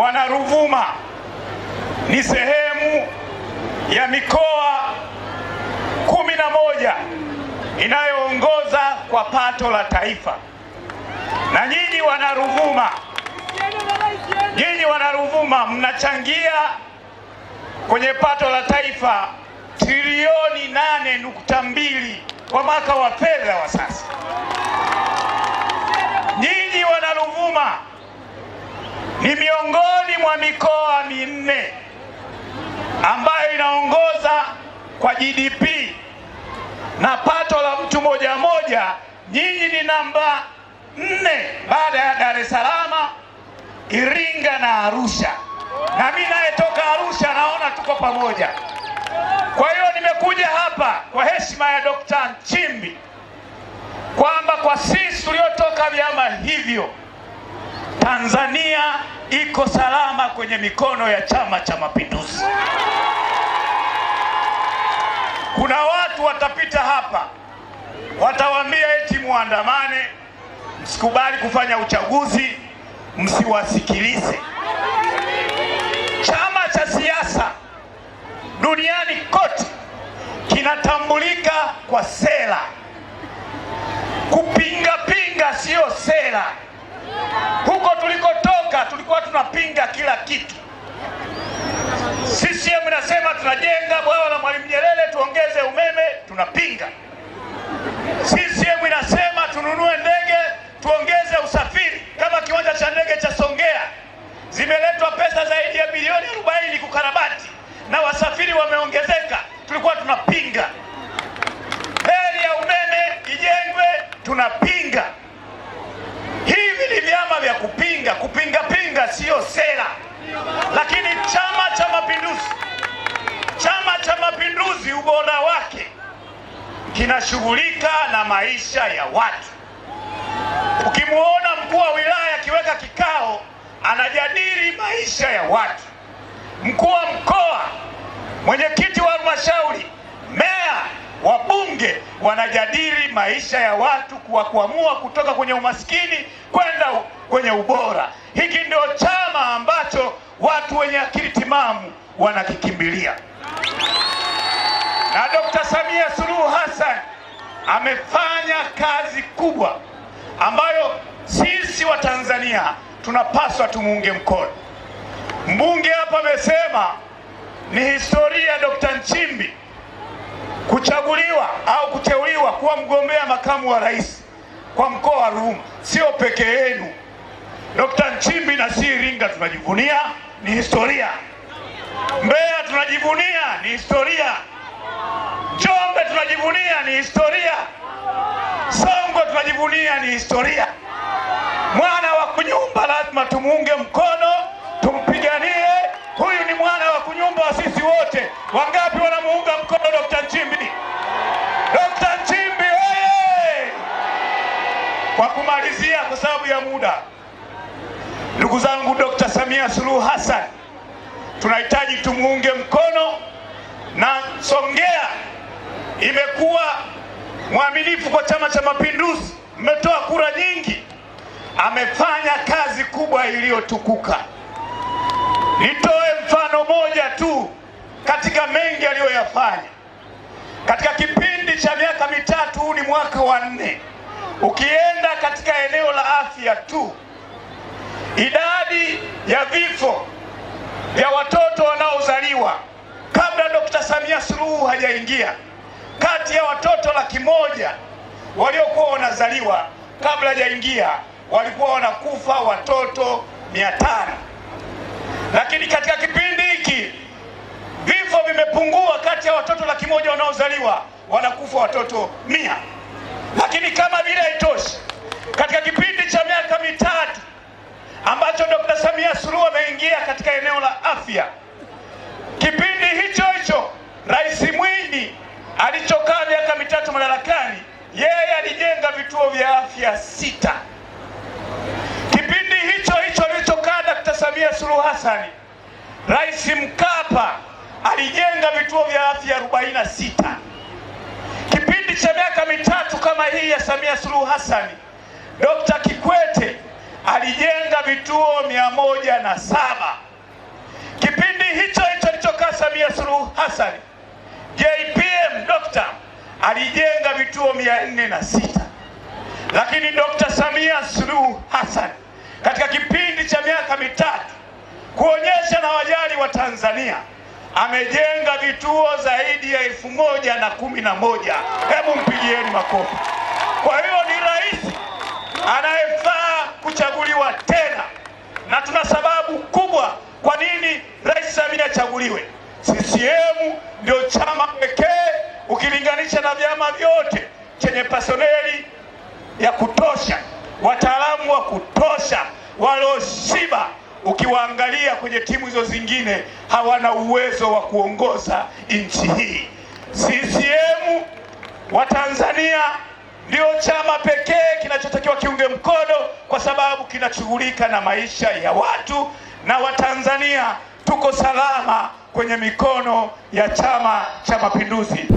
Wanaruvuma ni sehemu ya mikoa kumi na moja inayoongoza kwa pato la taifa, na nyinyi Wanaruvuma, nyinyi Ruvuma mnachangia kwenye pato la taifa trilioni nane nukta mbili kwa mwaka wa fedha wa sasa. Nyinyi Wanaruvuma ni miongoni mwa mikoa minne ambayo inaongoza kwa GDP na pato la mtu moja moja. Nyinyi ni namba nne baada ya Dar es Salaam, Iringa na Arusha, na mimi nayetoka Arusha, naona tuko pamoja. Kwa hiyo nimekuja hapa kwa heshima ya Dr. Nchimbi kwamba kwa sisi tuliotoka vyama hivyo Tanzania iko salama kwenye mikono ya Chama cha Mapinduzi. Kuna watu watapita hapa watawaambia eti muandamane, msikubali kufanya uchaguzi, msiwasikilize. Chama cha siasa duniani kote kinatambulika kwa sera. Kupingapinga siyo sera. Huko tuliko tulipotoka tulikuwa tunapinga kila kitu. CCM inasema tunajenga bwawa la Mwalimu Nyerere, tuongeze umeme, tunapinga. CCM inasema tununue ndege, tuongeze usafiri, kama kiwanja cha ndege cha Songea. Zimeletwa pesa zaidi ya bilioni 40 kukarabati na wasafiri wameongezeka, tulikuwa tunapinga. Reli ya umeme ijengwe, tunapinga. Hivi ni vyama vya kupinga kupinga kujenga sio sera. Lakini Chama cha Mapinduzi, Chama cha Mapinduzi ubora wake kinashughulika na maisha ya watu. Ukimwona mkuu wa wilaya akiweka kikao, anajadili maisha ya watu, mkuu wa mkoa, mwenyekiti wa halmashauri, meya, wabunge wanajadili maisha ya watu, kwa kuamua kutoka kwenye umaskini kwenda kwenye ubora. Hiki ndio chama ambacho watu wenye akili timamu wanakikimbilia, na Dr. Samia Suluhu Hassan amefanya kazi kubwa ambayo sisi wa Tanzania tunapaswa tumuunge mkono. Mbunge hapa amesema ni historia Dr. Nchimbi kuchaguliwa au kuteuliwa kuwa mgombea makamu wa rais kwa mkoa wa Ruvuma. Sio peke yenu. Dr. Nchimbi na si Iringa tunajivunia ni historia. Mbeya tunajivunia ni historia. Njombe tunajivunia ni historia. Songwe tunajivunia ni historia. Mwana wa Kunyumba lazima tumuunge mkono, tumpiganie. Huyu ni mwana wa Kunyumba wa sisi wote. Wangapi wanamuunga mkono Dr. Nchimbi? Dr. Nchimbi, hey! Kwa kumalizia, kwa sababu ya muda Ndugu zangu, Dkt. Samia Suluhu Hassan tunahitaji tumuunge mkono, na Songea imekuwa mwaminifu kwa Chama cha Mapinduzi, mmetoa kura nyingi. Amefanya kazi kubwa iliyotukuka. Nitoe mfano moja tu katika mengi aliyoyafanya katika kipindi cha miaka mitatu. Huu ni mwaka wa nne. Ukienda katika eneo la afya tu idadi ya vifo vya watoto wanaozaliwa kabla Dokta Samia Suluhu hajaingia, kati ya watoto laki moja waliokuwa wanazaliwa kabla hajaingia walikuwa wanakufa watoto mia tano, lakini katika kipindi hiki vifo vimepungua. Kati ya watoto laki moja wanaozaliwa wanakufa watoto mia, lakini kama vile haitoshi katika kipindi ambacho Dr. Samia Suluhu ameingia katika eneo la afya. Kipindi hicho hicho Rais Mwinyi alichokaa miaka mitatu madarakani, yeye alijenga vituo vya afya sita. Kipindi hicho hicho alichokaa Dr. Samia Suluhu Hassan, Rais Mkapa alijenga vituo vya afya 46. Kipindi cha miaka mitatu kama hii ya Samia Suluhu Hassan, Dr. Kikwete alijenga vituo mia moja na saba. Kipindi hicho hicho alichokaa Samia Suluhu Hassan, JPM Dokta alijenga vituo mia nne na sita, lakini Dokta Samia Suluhu Hassan katika kipindi cha miaka mitatu kuonyesha na wajali wa Tanzania amejenga vituo zaidi ya elfu moja na kumi na moja. Hebu mpigieni makofi. Kwa hiyo ni rais anaye kuchaguliwa tena, na tuna sababu kubwa kwa nini Rais Samia achaguliwe. CCM ndio chama pekee ukilinganisha na vyama vyote chenye personeli ya kutosha, wataalamu wa kutosha walioshiba. Ukiwaangalia kwenye timu hizo zingine hawana uwezo wa kuongoza nchi hii. CCM tanzania ndio chama pekee kinachotakiwa kiunge mkono, kwa sababu kinashughulika na maisha ya watu na Watanzania tuko salama kwenye mikono ya Chama cha Mapinduzi.